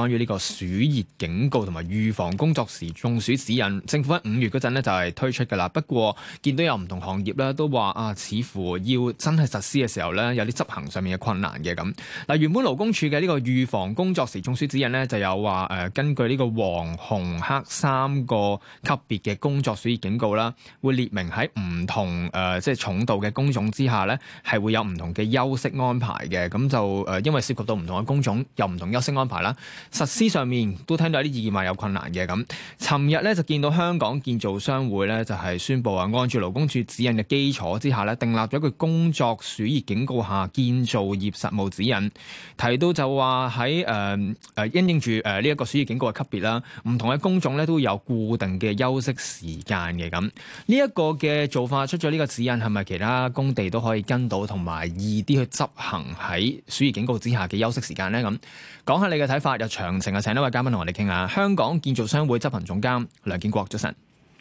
關於呢個暑熱警告同埋預防工作時中暑指引，政府喺五月嗰陣咧就係推出噶啦。不過見到有唔同行業咧都話啊，似乎要真係實施嘅時候咧，有啲執行上面嘅困難嘅咁。嗱，原本勞工處嘅呢個預防工作時中暑指引咧，就有話誒，根據呢個黃、紅、黑三個級別嘅工作暑熱警告啦，會列明喺唔同誒即係重度嘅工種之下咧，係會有唔同嘅休息安排嘅。咁就誒、呃，因為涉及到唔同嘅工種，有唔同休息安排啦。實施上面都聽到一啲意見、有困難嘅咁。尋日咧就見到香港建造商會咧就係、是、宣布啊，按住勞工處指引嘅基礎之下咧，定立咗一個工作暑熱警告下建造業實務指引，提到就話喺誒誒因應住誒呢一個暑熱警告嘅級別啦，唔同嘅工種咧都有固定嘅休息時間嘅咁。呢一個嘅做法出咗呢個指引係咪其他工地都可以跟到同埋易啲去執行喺暑熱警告之下嘅休息時間咧咁？講下你嘅睇法又詳情啊，請呢位嘉賓同我哋傾下，香港建造商會執行總監梁敬國早晨。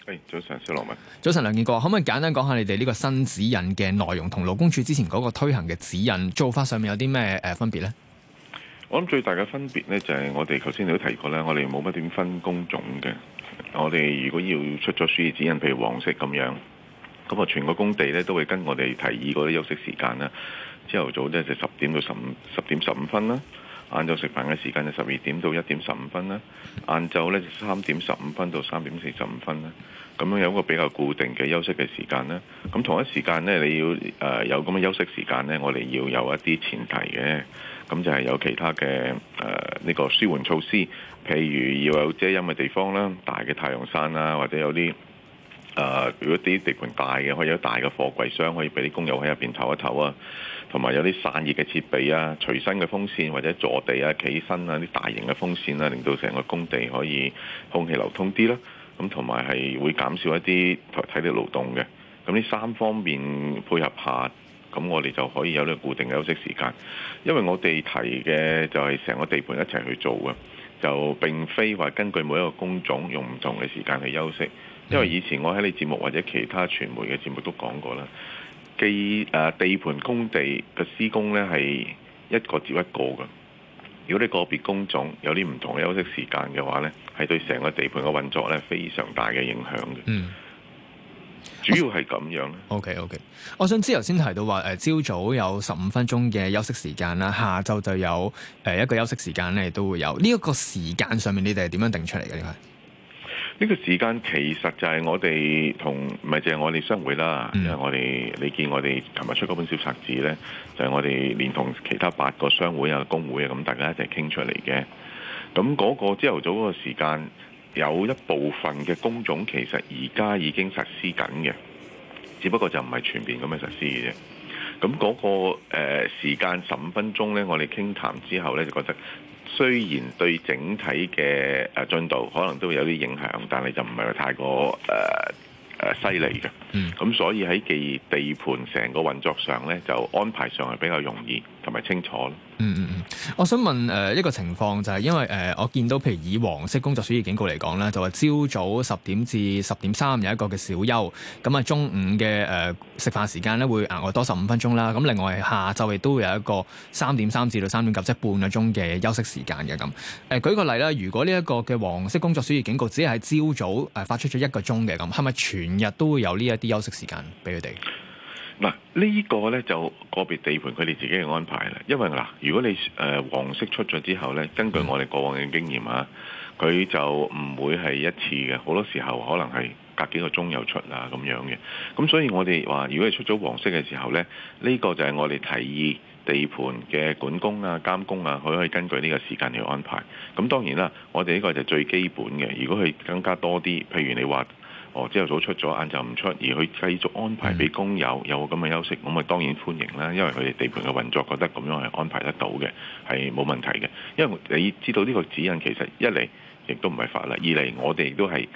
誒、hey，早晨小羅文，早晨梁敬國，可唔可以簡單講下你哋呢個新指引嘅內容，同勞工處之前嗰個推行嘅指引做法上面有啲咩誒分別呢？我諗最大嘅分別呢，就係、是、我哋頭先你都提過啦，我哋冇乜點分工種嘅。我哋如果要出咗書面指引，譬如黃色咁樣，咁啊，全個工地咧都會跟我哋提議嗰啲休息時間啦。朝頭早咧就十點到十五，十點十五分啦。晏晝食飯嘅時間就十二點到一點十五分啦，晏晝咧就三點十五分到三點四十五分啦，咁樣有一個比較固定嘅休息嘅時間啦。咁同一時間咧，你要誒、呃、有咁嘅休息時間咧，我哋要有一啲前提嘅，咁就係有其他嘅誒呢個舒緩措施，譬如要有遮陰嘅地方啦，大嘅太陽傘啦，或者有啲誒、呃、如果啲地盤大嘅，可以有大嘅貨櫃箱可以俾啲工友喺入邊唞一唞啊。同埋有啲散熱嘅設備啊，隨身嘅風扇或者坐地啊、企身啊啲大型嘅風扇啊，令到成個工地可以空氣流通啲啦，啊。咁同埋係會減少一啲體體力勞動嘅。咁呢三方面配合下，咁我哋就可以有呢個固定嘅休息時間。因為我哋提嘅就係成個地盤一齊去做嘅，就並非話根據每一個工種用唔同嘅時間去休息。因為以前我喺你節目或者其他傳媒嘅節目都講過啦。既誒地盤工地嘅施工呢係一個接一個嘅。如果你個別工種有啲唔同嘅休息時間嘅話呢係對成個地盤嘅運作呢非常大嘅影響嘅。嗯，主要係咁樣。OK OK，我想知頭先提到話誒，朝、呃、早有十五分鐘嘅休息時間啦，下晝就有誒、呃、一個休息時間呢都會有。呢、這、一個時間上面你哋係點樣定出嚟嘅呢？呢個時間其實就係我哋同，唔係淨係我哋商會啦，因為、mm hmm. 我哋你見我哋琴日出嗰本小冊子呢，就係、是、我哋連同其他八個商會啊、工會啊咁，大家一齊傾出嚟嘅。咁、那、嗰個朝頭早嗰個時間，有一部分嘅工種其實而家已經實施緊嘅，只不過就唔係全面咁樣實施嘅啫。咁嗰個時間十五分鐘呢，我哋傾談，談之後呢，就覺得雖然對整體嘅進度可能都會有啲影響，但係就唔係話太過犀利嘅。咁、呃啊、所以喺地地盤成個運作上呢，就安排上係比較容易。同埋清楚咯。嗯嗯嗯，我想問誒、呃、一個情況就係，因為誒、呃、我見到譬如以黃色工作暑熱警告嚟講咧，就話、是、朝早十點至十點三有一個嘅小休，咁、嗯、啊中午嘅誒、呃、食飯時間咧會額外多十五分鐘啦。咁、嗯、另外下晝亦都會有一個三點三至到三點九即半個鐘嘅休息時間嘅咁。誒、嗯呃、舉個例啦，如果呢一個嘅黃色工作暑熱警告只係朝早誒發出咗一個鐘嘅咁，係、嗯、咪全日都會有呢一啲休息時間俾佢哋？嗱，呢個呢就個別地盤佢哋自己嘅安排啦。因為嗱，如果你誒、呃、黃色出咗之後呢，根據我哋過往嘅經驗啊，佢就唔會係一次嘅，好多時候可能係隔幾個鐘又出啊咁樣嘅。咁所以我哋話，如果你出咗黃色嘅時候呢，呢、呢個就係我哋提議地盤嘅管工啊、監工啊，佢可以根據呢個時間去安排。咁當然啦，我哋呢個就最基本嘅。如果佢更加多啲，譬如你話，朝頭早出咗，晏晝唔出，而去繼續安排俾工友有咁嘅休息，咁咪當然歡迎啦。因為佢哋地盤嘅運作覺得咁樣係安排得到嘅，係冇問題嘅。因為你知道呢個指引其實一嚟亦都唔係法例，二嚟我哋亦都係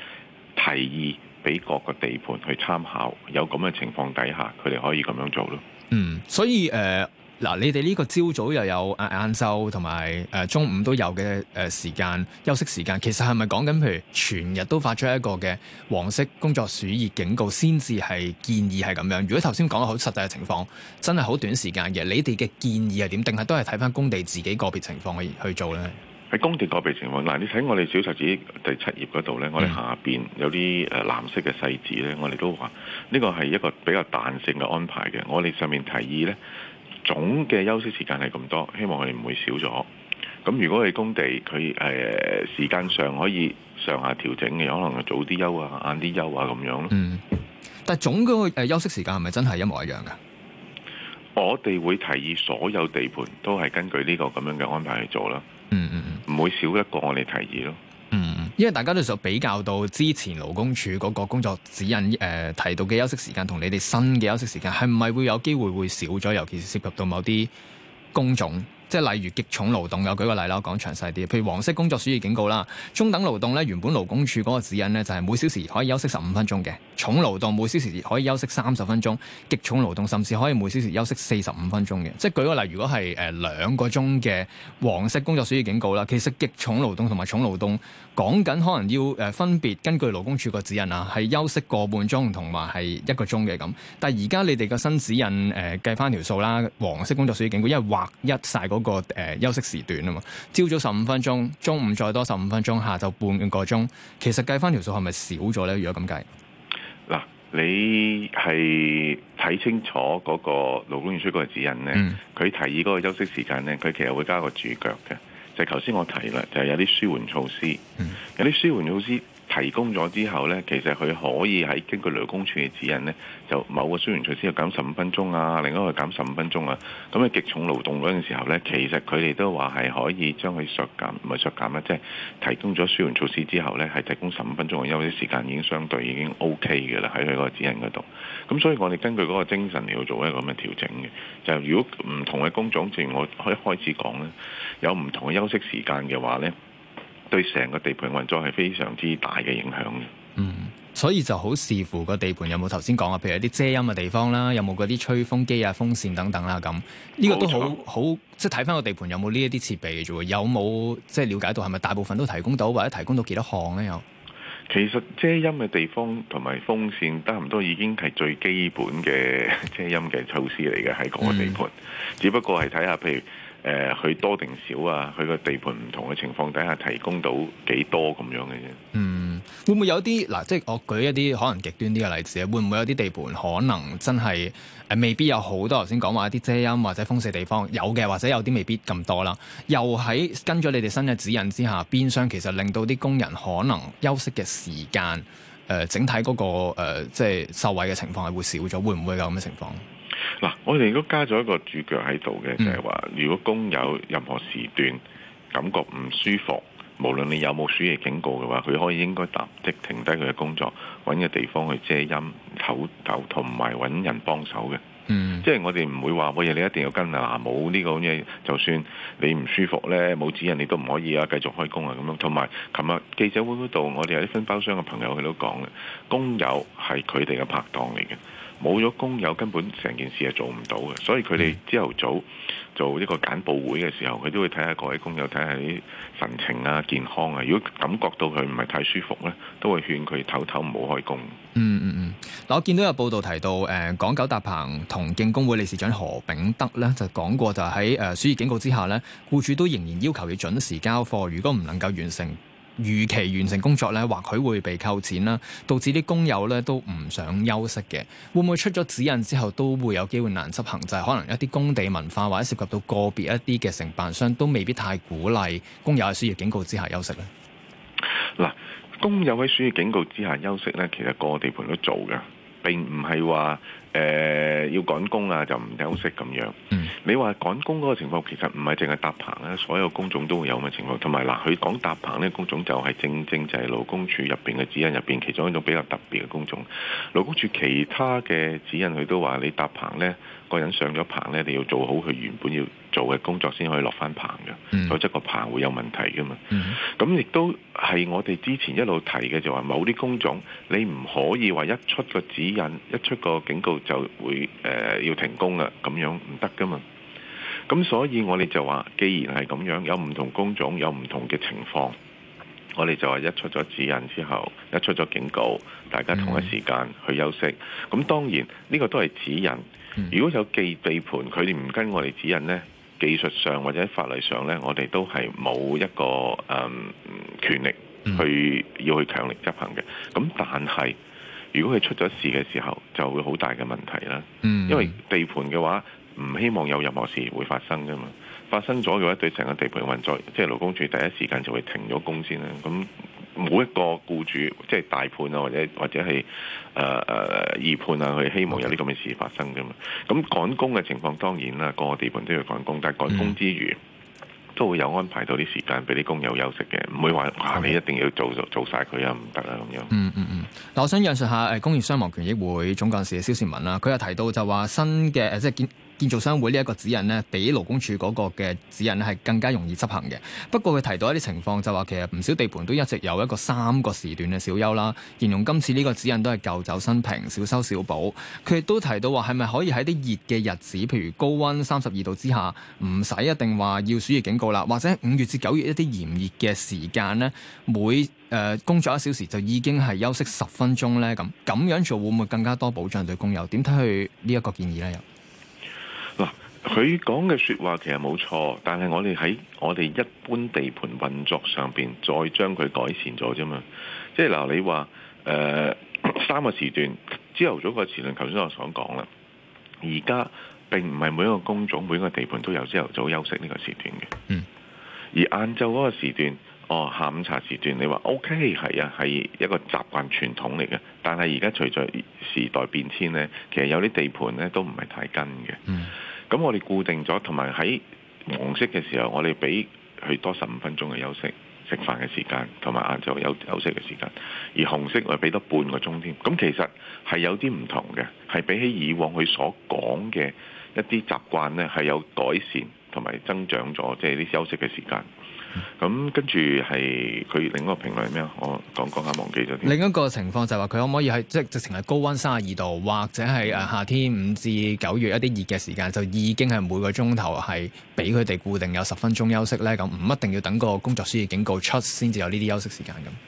提議俾各個地盤去參考，有咁嘅情況底下，佢哋可以咁樣做咯。嗯，所以誒。呃嗱，你哋呢個朝早又有晏晏晝同埋誒中午都有嘅誒時間休息時間，其實係咪講緊譬如全日都發出一個嘅黃色工作暑熱警告先至係建議係咁樣？如果頭先講得好實際嘅情況，真係好短時間嘅，你哋嘅建議係點？定係都係睇翻工地自己個別情況去去做咧？喺工地個別情況，嗱，你睇我哋小冊子第七頁嗰度咧，我哋下面有啲誒藍色嘅細字咧，嗯、我哋都話呢、這個係一個比較彈性嘅安排嘅，我哋上面提議咧。總嘅休息時間係咁多，希望我哋唔會少咗。咁如果係工地，佢誒時間上可以上下調整嘅，可能早啲休啊，晏啲休啊，咁樣咯，嗯。但係總個休息時間係咪真係一模一樣㗎？我哋會提議所有地盤都係根據呢個咁樣嘅安排去做啦。嗯嗯嗯，唔會少一個我哋提議咯。嗯，因為大家都就比較到之前勞工處嗰個工作指引誒、呃、提到嘅休息時間同你哋新嘅休息時間，係唔係會有機會會少咗？尤其是涉及到某啲工種。即係例如極重勞動，我舉個例啦，我講詳細啲，譬如黃色工作暑熱警告啦，中等勞動咧，原本勞工處嗰個指引咧，就係每小時可以休息十五分鐘嘅；重勞動每小時可以休息三十分鐘；極重勞動甚至可以每小時休息四十五分鐘嘅。即係舉個例，如果係誒兩個鐘嘅黃色工作暑熱警告啦，其實極重勞動同埋重勞動講緊，可能要誒分別根據勞工處個指引啊，係休息個半鐘同埋係一個鐘嘅咁。但係而家你哋個新指引誒、呃、計翻條數啦，黃色工作暑熱警告，因為劃一晒。個誒休息時段啊嘛，朝早十五分鐘，中午再多十五分鐘，下晝半個鐘。其實計返條數係咪少咗咧？如果咁計，嗱，你係睇清楚嗰個勞工處嗰個指引咧，佢、嗯、提議嗰個休息時間咧，佢其實會加個註腳嘅，就頭、是、先我提啦，就係、是、有啲舒緩措施，嗯、有啲舒緩措施。提供咗之後呢，其實佢可以喺根據勞工處嘅指引呢，就某個舒緩措施要減十五分鐘啊，另一個減十五分鐘啊。咁喺極重勞動嗰陣時候呢，其實佢哋都話係可以將佢削減，唔係削減咧，即係提供咗舒緩措施之後呢，係提供十五分鐘嘅休息時間，已經相對已經 OK 嘅啦，喺佢嗰個指引嗰度。咁所以我哋根據嗰個精神嚟做一個咁嘅調整嘅。就如果唔同嘅工種，正如我一開始講呢，有唔同嘅休息時間嘅話呢。對成個地盤運作係非常之大嘅影響。嗯，所以就好視乎個地盤有冇頭先講啊，譬如一啲遮陰嘅地方啦，有冇嗰啲吹風機啊、風扇等等啦，咁呢、這個都好，冇錯，好，即係睇翻個地盤有冇呢一啲設備嘅啫，有冇即係了解到係咪大部分都提供到，或者提供到幾多項呢？有。其實遮陰嘅地方同埋風扇，差唔多已經係最基本嘅遮陰嘅措施嚟嘅，喺個地盤。嗯、只不過係睇下，譬如。誒佢、呃、多定少啊？佢個地盤唔同嘅情況底下，提供到幾多咁樣嘅啫？嗯，會唔會有啲嗱、啊？即係我舉一啲可能極端啲嘅例子，會唔會有啲地盤可能真係誒、呃、未必有好多頭先講話一啲遮陰或者風射地方有嘅，或者有啲未必咁多啦。又喺跟咗你哋新嘅指引之下，邊廂其實令到啲工人可能休息嘅時間誒、呃，整體嗰、那個、呃、即係受惠嘅情況係會少咗，會唔會有咁嘅情況？嗱， 我哋都加咗一個主腳喺度嘅，就係話，如果工友任何時段感覺唔舒服，無論你有冇暑熱警告嘅話，佢可以應該立即停低佢嘅工作，揾個地方去遮陰、唞頭同埋揾人幫手嘅。嗯， 即係我哋唔會話乜嘢，你一定要跟啊，冇呢個嘢，就算你唔舒服呢，冇指引你都唔可以啊，繼續開工啊咁樣。同埋，琴日記者會嗰度，我哋有啲分包商嘅朋友佢都講嘅，工友係佢哋嘅拍檔嚟嘅。冇咗工友，根本成件事係做唔到嘅。所以佢哋朝頭早做一個簡報會嘅時候，佢都會睇下各位工友睇下啲神情啊、健康啊。如果感覺到佢唔係太舒服咧，都會勸佢唞唞唔好開工嗯。嗯嗯嗯。嗱，我見到有報道提到，誒、呃、港九搭棚同敬工會理事長何炳德咧，就講過就喺誒暑熱警告之下咧，僱主都仍然要求佢準時交貨，如果唔能夠完成。逾期完成工作呢，或許會被扣錢啦，導致啲工友呢都唔想休息嘅。會唔會出咗指引之後都會有機會難執行？就係可能一啲工地文化，或者涉及到個別一啲嘅承辦商都未必太鼓勵工友喺暑熱警告之下休息呢。嗱，工友喺暑熱警告之下休息呢，其實個個地盤都做嘅。並唔係話誒要趕工啊，就唔休息咁樣。嗯，你話趕工嗰個情況，其實唔係淨係搭棚啦，所有工種都會有咁嘅情況。同埋嗱，佢講搭棚呢個工種就係正正就係勞工處入邊嘅指引入邊其中一種比較特別嘅工種。勞工處其他嘅指引，佢都話你搭棚呢，個人上咗棚呢，你要做好佢原本要做嘅工作先可以落翻棚嘅，否則個棚會有問題噶嘛。咁亦、mm hmm. 都係我哋之前一路提嘅，就話某啲工種你唔可以話一出個指引、一出個警告就會誒、呃、要停工啊，咁樣唔得噶嘛。咁所以我哋就話既然係咁樣，有唔同工種有唔同嘅情況，我哋就話一出咗指引之後，一出咗警告，大家同一時間去休息。咁、mm hmm. 當然呢、這個都係指引，mm hmm. 如果有記備盤，佢哋唔跟我哋指引咧。技術上或者法律上呢，我哋都係冇一個、嗯、權力去要去強力執行嘅。咁但係，如果佢出咗事嘅時候，就會好大嘅問題啦。因為地盤嘅話，唔希望有任何事會發生噶嘛。發生咗嘅話，對成個地盤的運作，即係勞工處第一時間就會停咗工先啦。咁。每一個僱主即係大判啊，或者或者係誒誒二判啊，佢希望有呢咁嘅事發生嘅嘛。咁 Okay. 趕工嘅情況，當然啦，個個地盤都要趕工，但係趕工之餘、嗯、都會有安排到啲時間俾啲工友休息嘅，唔會話話、啊、你一定要做做做曬佢又唔得啦咁樣。嗯嗯嗯，嗱、嗯，嗯、我想引述下誒工業傷亡權益會總幹事嘅蕭善文啦，佢又提到就話新嘅即係建。建造商會呢一個指引呢，比勞工處嗰個嘅指引呢係更加容易執行嘅。不過佢提到一啲情況，就話其實唔少地盤都一直有一個三個時段嘅小休啦。形容今次呢個指引都係舊酒新瓶，小修小補。佢亦都提到話，係咪可以喺啲熱嘅日子，譬如高溫三十二度之下，唔使一定話要暑熱警告啦，或者五月至九月一啲炎熱嘅時間呢，每、呃、工作一小時就已經係休息十分鐘呢。咁咁樣做會唔會更加多保障對工友？點睇佢呢一個建議呢。嗱，佢講嘅說話其實冇錯，但係我哋喺我哋一般地盤運作上面再將佢改善咗啫嘛。即係嗱，你話、呃、三個時段，朝頭早個時段，頭先我想講啦。而家並唔係每一個工種、每一個地盤都有朝頭早休息呢個時段嘅，嗯。而晏晝嗰個時段。哦，下午茶時段你話 OK 係啊，係一個習慣傳統嚟嘅。但係而家隨著時代變遷呢，其實有啲地盤呢都唔係太跟嘅。咁我哋固定咗，同埋喺黃色嘅時候，我哋俾佢多十五分鐘嘅休息、食飯嘅時間，同埋晏晝有休息嘅時間。而紅色我哋俾多半個鐘添。咁其實係有啲唔同嘅，係比起以往佢所講嘅一啲習慣呢，係有改善同埋增長咗，即係啲休息嘅時間。咁、嗯、跟住係佢另一個評論係咩啊？我講講下忘記咗。另一個情況就係話佢可唔可以係即係直情係高溫三十二度，或者係誒夏天五至九月一啲熱嘅時間，就已經係每個鐘頭係俾佢哋固定有十分鐘休息咧？咁唔一定要等個工作暑熱警告出先至有呢啲休息時間咁。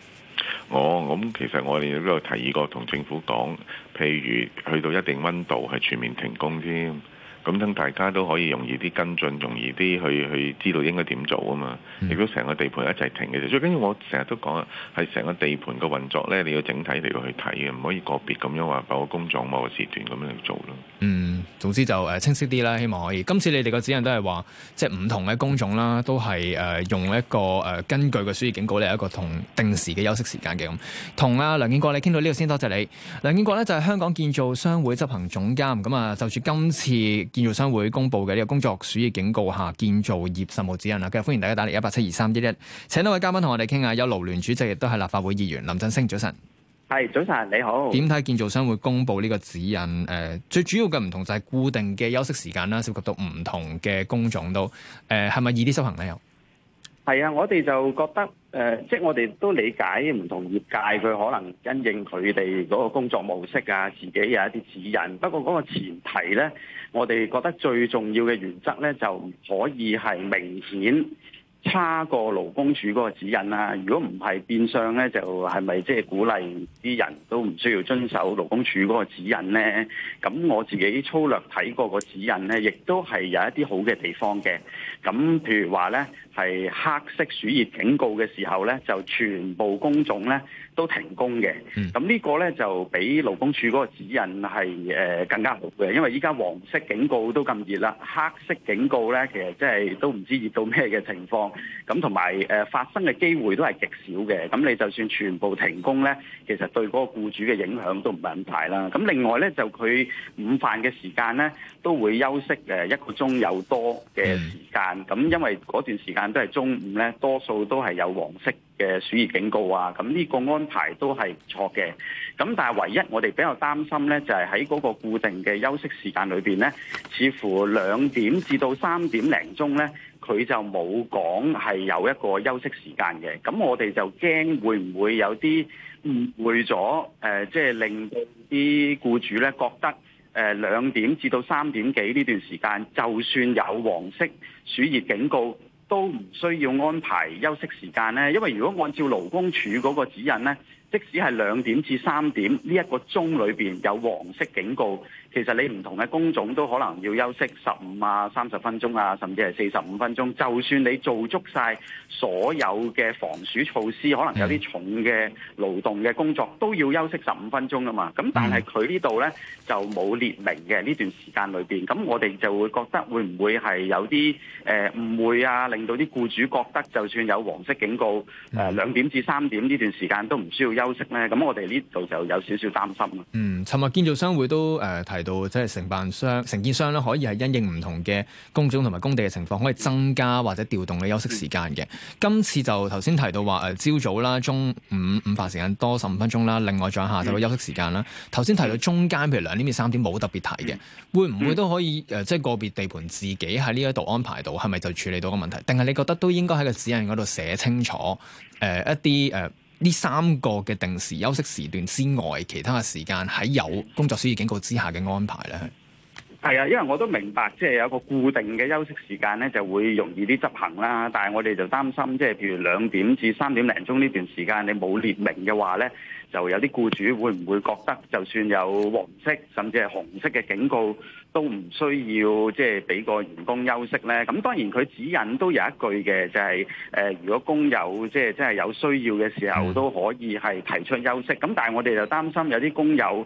哦，咁、嗯、其實我哋都有提議過同政府講，譬如去到一定溫度係全面停工添。咁等大家都可以容易啲跟進，容易啲去去知道應該點做啊嘛！亦都成個地盤一齊停嘅啫。最緊要我成日都講啊，係成個地盤嘅運作咧，你要整體嚟到去睇嘅，唔可以個別咁樣話某個工作某個時段咁樣去做咯。嗯，總之就、呃、清晰啲啦，希望可以。今次你哋個指引都係話，即係唔同嘅工種啦，都係誒、呃、用一個誒、呃、根據嘅暑熱警告嚟一個同定時嘅休息時間嘅咁。同啊，梁敬國你，你傾到呢度先，多謝你。梁敬國咧就係、是、香港建造商會執行總監，咁啊就住今次。建造商會公布嘅呢個工作暑熱警告下，建造業實務指引啦，今日歡迎大家打嚟一八七二三一一，請兩位嘉賓同我哋傾下。有勞聯主席亦都係立法會議員林振昇，早晨，係早晨，你好。點睇建造商會公布呢個指引？誒、呃，最主要嘅唔同就係固定嘅休息時間啦，涉及到唔同嘅工種都誒，係、呃、咪易啲執行咧？又係啊，我哋就覺得。誒、呃，即係我哋都理解唔同業界，佢可能因應佢哋嗰個工作模式啊，自己有一啲指引。不過嗰個前提咧，我哋覺得最重要嘅原則咧，就可以係明顯差過勞工處嗰個指引啦，如果唔係變相咧，就係咪即係鼓勵啲人都唔需要遵守勞工處嗰個指引咧？咁我自己粗略睇過個指引咧，亦都係有一啲好嘅地方嘅。咁譬如話咧，係黑色暑熱警告嘅時候咧，就全部工種咧都停工嘅。咁呢個咧就比勞工處嗰個指引係誒更加好嘅，因為依家黃色警告都咁熱啦，黑色警告咧其實即係都唔知熱到咩嘅情況。咁同埋誒發生嘅機會都係極少嘅，咁你就算全部停工呢，其實對嗰個僱主嘅影響都唔係咁大啦。咁另外呢，就佢午飯嘅時間呢，都會休息一個鐘有多嘅時間，咁因為嗰段時間都係中午呢，多數都係有黃色嘅暑熱警告啊，咁呢個安排都係錯嘅。咁但係唯一我哋比較擔心呢，就係喺嗰個固定嘅休息時間裏面呢，似乎兩點至到三點零鐘呢。佢就冇講係有一個休息時間嘅，咁我哋就驚會唔會有啲誤會咗，誒，即係令到啲僱主咧覺得誒兩點至到三點幾呢段時間，就算有黃色暑熱警告，都唔需要安排休息時間咧。因為如果按照勞工處嗰個指引咧。即使係兩點至三點呢一個鐘裏邊有黃色警告，其實你唔同嘅工種都可能要休息十五啊、三十分鐘啊，甚至係四十五分鐘，就算你做足晒所有嘅防暑措施，可能有啲重嘅勞動嘅工作都要休息十五分鐘啊嘛。咁但係佢呢度咧就冇列明嘅呢段時間裏邊，咁我哋就會覺得會唔會係有啲誒誤會啊，令到啲僱主覺得就算有黃色警告，誒、呃、兩點至三點呢段時間都唔需要休。休息咧，咁我哋呢度就有少少擔心。嗯，尋日建造商會都誒、呃、提到，即係承辦商、承建商咧，可以係因應唔同嘅工種同埋工地嘅情況，可以增加或者調動嘅休息時間嘅。嗯、今次就頭先提到話誒，朝、呃、早，早啦、中午午飯時間多十五分鐘啦，另外仲有下晝休息時間啦。頭先、嗯、提到中間，嗯、譬如兩點至三點冇特別提嘅，嗯、會唔會都可以誒？即係、嗯呃就是、個別地盤自己喺呢一度安排到，係咪就處理到個問題？定係你覺得都應該喺個指引嗰度寫清楚誒、呃、一啲誒？呃呢三個嘅定時休息時段之外，其他嘅時間喺有工作需要警告之下嘅安排咧，係啊，因為我都明白，即係有個固定嘅休息時間咧，就會容易啲執行啦。但係我哋就擔心，即係譬如兩點至三點零鐘呢段時間，你冇列明嘅話咧。就有啲僱主會唔會覺得，就算有黃色甚至係紅色嘅警告，都唔需要即係俾個員工休息呢？咁當然佢指引都有一句嘅，就係、是、誒、呃，如果工友即係即係有需要嘅時候，都可以係提出休息。咁但係我哋就擔心有啲工友，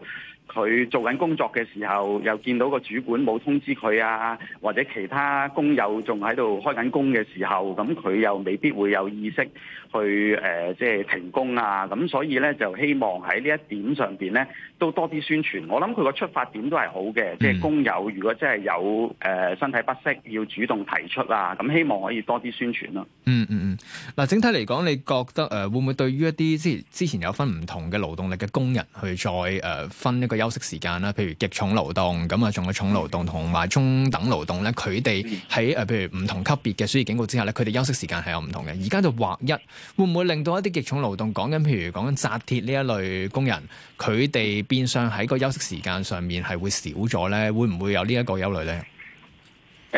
佢做緊工作嘅時候，又見到個主管冇通知佢啊，或者其他工友仲喺度開緊工嘅時候，咁佢又未必會有意識去誒，即係停工啊。咁所以呢，就希望喺呢一點上邊呢。都多啲宣傳，我諗佢個出發點都係好嘅，即係工友如果真係有誒身體不適，要主動提出啦。咁希望可以多啲宣傳咯、嗯。嗯嗯嗯，嗱，整體嚟講，你覺得誒、呃、會唔會對於一啲之前之前有分唔同嘅勞動力嘅工人，去再誒、呃、分一個休息時間啦？譬如極重勞動，咁啊仲有重勞動同埋中等勞動咧，佢哋喺誒譬如唔同級別嘅暑熱警告之下咧，佢哋休息時間係有唔同嘅。而家就劃一，會唔會令到一啲極重勞動，講緊譬如講緊紮鐵呢一類工人，佢哋？變相喺個休息時間上面係會少咗咧，會唔會有呢一個憂慮咧？誒、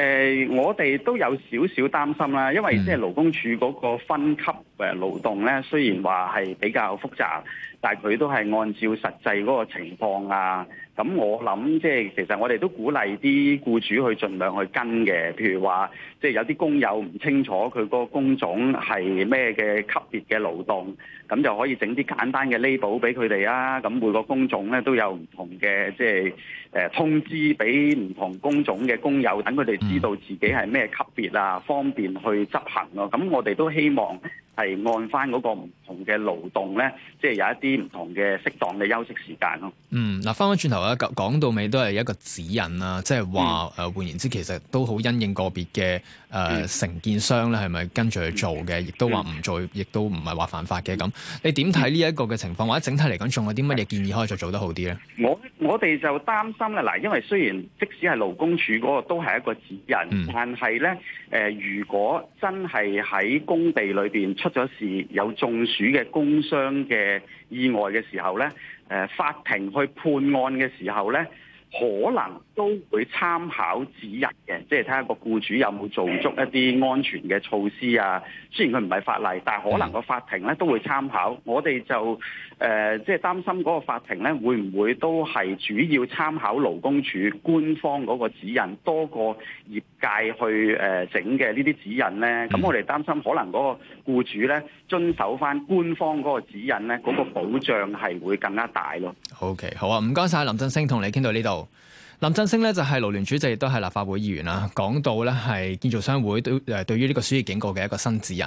呃，我哋都有少少擔心啦，因為即係勞工處嗰個分級誒勞動咧，雖然話係比較複雜，但係佢都係按照實際嗰個情況啊。咁我諗即係其實我哋都鼓勵啲僱主去盡量去跟嘅，譬如話即係有啲工友唔清楚佢個工種係咩嘅級別嘅勞動。咁就可以整啲簡單嘅 label 俾佢哋啊！咁每個工種咧都有唔同嘅，即係誒通知俾唔同工種嘅工友，等佢哋知道自己係咩級別啊，方便去執行咯。咁我哋都希望。係按翻嗰個唔同嘅勞動咧，即係有一啲唔同嘅適當嘅休息時間咯。嗯，嗱翻返轉頭咧，講到尾都係一個指引啦，即係話誒換言之，其實都好因應個別嘅誒承建商咧，係咪跟住去做嘅，嗯、亦都話唔做，嗯、亦都唔係話犯法嘅。咁、嗯、你點睇呢一個嘅情況，嗯、或者整體嚟講，仲有啲乜嘢建議可以再做得好啲咧？我。我哋就擔心咧，嗱，因為雖然即使係勞工處嗰個都係一個指引，但係呢、呃，如果真係喺工地裏面出咗事，有中暑嘅工傷嘅意外嘅時候呢，誒、呃，法庭去判案嘅時候呢，可能，都會參考指引嘅，即係睇下個僱主有冇做足一啲安全嘅措施啊。雖然佢唔係法例，但係可能個法庭咧都會參考。我哋就誒即係擔心嗰個法庭咧，會唔會都係主要參考勞工處官方嗰個指引，多過業界去誒整嘅呢啲指引咧？咁、嗯、我哋擔心可能嗰個僱主咧遵守翻官方嗰個指引咧，嗰個保障係會更加大咯。好嘅，好啊，唔該晒，林振昇，同你傾到呢度。林振昇咧就係勞聯主席，亦都係立法會議員啦。講到咧係建造商會都誒對於呢個暑熱警告嘅一個新指引。